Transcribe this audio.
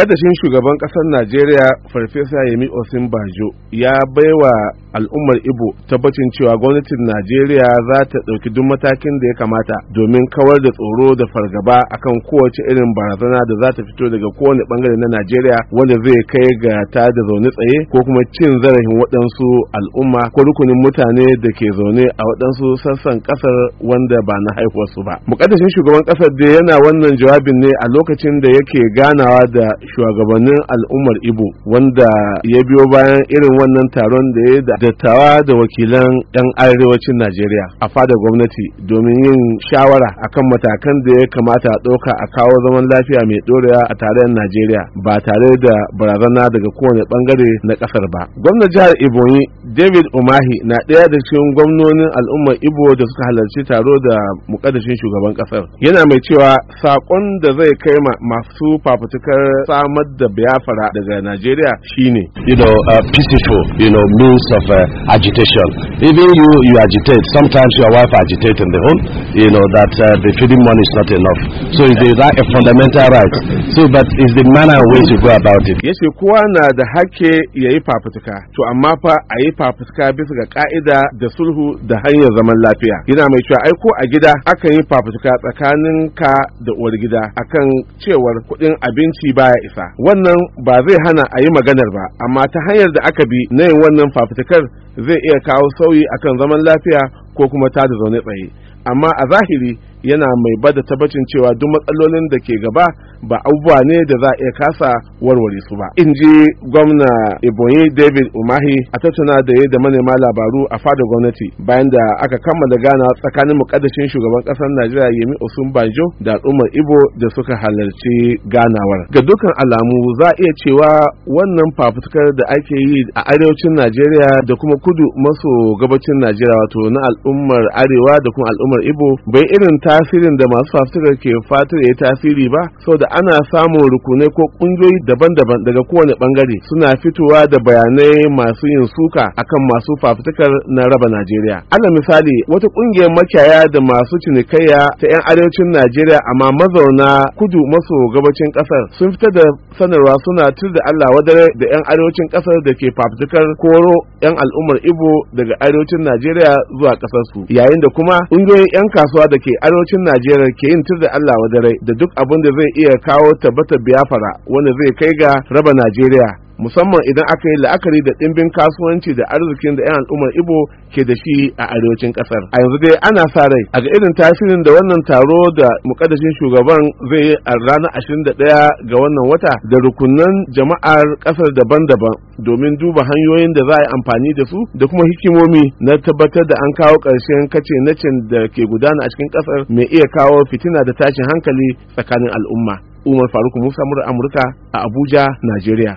kadashin shugaban kasar najeriya farfesa yemi osinbajo ya baiwa al'ummar ibo tabbacin cewa gwamnatin najeriya za ta ɗauki duk matakin da ya kamata domin kawar da tsoro da fargaba akan kowace irin barazana da za ta fito daga kowane bangare na najeriya wanda zai kai ga ta da zaune tsaye ko kuma cin zarafin waɗansu al'umma ko rukunin mutane da ke zaune a waɗansu sassan ƙasar wanda ba na haihuwarsu ba mukaddashin shugaban ƙasar da yana wannan jawabin ne a lokacin da yake ganawa da shugabannin al'ummar ibo wanda ya biyo bayan irin wannan taron da ya da dattawa da wakilan 'yan arewacin najeriya a fadar gwamnati domin yin shawara akan matakan da ya kamata a ɗauka a kawo zaman lafiya mai ɗorewa a tarayyar najeriya ba tare da barazana daga kowane bangare na ƙasar ba gwamnan jihar ibonyi david umahi na ɗaya da cikin gwamnonin al'ummar ibo da suka halarci taro da mukaddashin shugaban ƙasar yana mai cewa saƙon da zai kai ma masu fafutukar samar da biyafara daga Najeriya shine you know uh, peaceful you know means of uh, agitation even you you agitate sometimes your wife agitate in the home you know that uh, the feeding money is not enough so it's that a fundamental right so but it's the manner and which you go about it yace kowa na da hake yayi fafutuka to amma fa a yi fafutuka bisa ga ka'ida da sulhu da hanyar zaman lafiya yana mai cewa aiko a gida akan yi fafutuka tsakanin ka da uwar gida akan cewar kuɗin abinci baya isa wannan ba zai hana a yi maganar ba amma ta hanyar da aka bi na yin wannan fafutukar zai iya kawo sauyi akan zaman lafiya ko kuma ta da zaune tsaye amma a zahiri yana mai bada tabbacin cewa duk matsalolin da ke gaba ba abubuwa ne da za a iya kasa warware su ba in ji gwamna Ibonyi david umahi a tattauna da ya da manema labaru a fada gwamnati bayan da aka kammala gana tsakanin mukaddashin shugaban kasar najeriya yemi Osunbajo da al'ummar ibo da suka halarci ganawar ga dukkan alamu za a iya cewa wannan fafutukar da ake yi a arewacin najeriya da kuma kudu maso gabacin najeriya wato na al'ummar arewa da kuma al'ummar ibo bai irin tasirin da masu fafutukar ke fatar ya tasiri ba sau da ana samun rukunai ko kungiyoyi daban-daban daga kowane bangare suna fitowa da bayanai masu yin suka akan masu fafutukar na raba Najeriya. Ana misali wata kungiyar makiyaya da masu cinikayya ta 'yan arewacin Najeriya amma mazauna kudu maso gabacin kasar sun fita da sanarwa suna tur da Allah wadare da 'yan arewacin kasar da ke fafutukar koro 'yan al'ummar Ibo daga arewacin Najeriya zuwa kasar su. Yayin da kuma kungiyoyin 'yan kasuwa da ke arewacin Najeriya ke yin tur da Allah wadare da duk abin da zai iya kawo tabbata biyafara wanda zai kai ga raba najeriya musamman idan aka yi la'akari da ɗimbin kasuwanci da arzikin da 'yan al'ummar ibo ke da shi a arewacin ƙasar a yanzu dai ana sa rai a ga irin tasirin da wannan taro da mukaddashin shugaban zai yi a ranar 21 ga wannan wata da rukunan jama'ar ƙasar daban-daban domin duba hanyoyin da za a yi amfani da su da kuma hikimomi na tabbatar da an kawo ƙarshen kace na nacin da ke gudana a cikin ƙasar mai iya kawo fitina da tashin hankali tsakanin al'umma umar faruk musa amurka a abuja najeriya